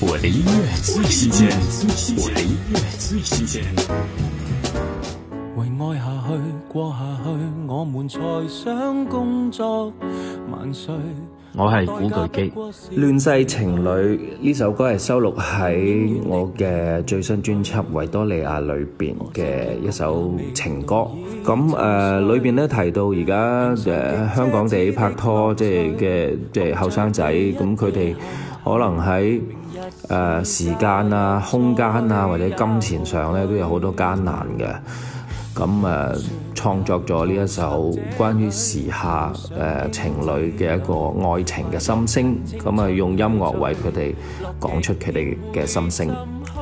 我的音樂最新鮮，我的音樂最新鮮。為愛下去，過下去，我們才想工作，萬歲。我係古巨基，《亂世情侶》呢首歌係收錄喺我嘅最新專輯《維多利亞》裏邊嘅一首情歌。咁誒裏邊咧提到而家誒香港地拍拖，即係嘅即係後生仔，咁佢哋可能喺誒、呃、時間啊、空間啊或者金錢上咧都有好多艱難嘅。咁誒、嗯、創作咗呢一首關於時下誒、呃、情侶嘅一個愛情嘅心聲，咁、嗯、啊用音樂為佢哋講出佢哋嘅心聲，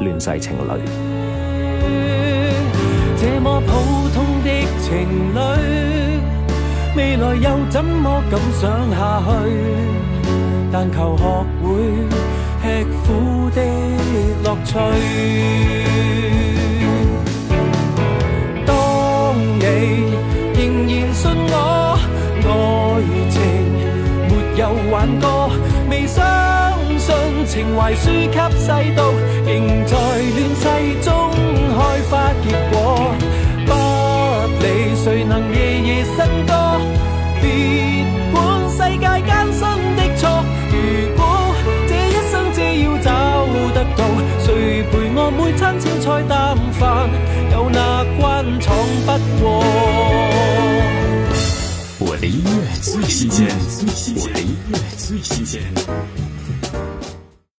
亂世情侶。這麼普通的情侶，未來又怎麼敢想下去？但求學會吃苦的樂趣。愛情沒有玩過，未相信情懷輸給世道，仍在亂世中開花結果。不理誰能夜夜笙歌，別管世界艱辛的錯。如果這一生只要找得到，誰陪我每餐青菜淡飯，有哪關闖不過。最新鮮，最新鮮，我的音樂最新鮮。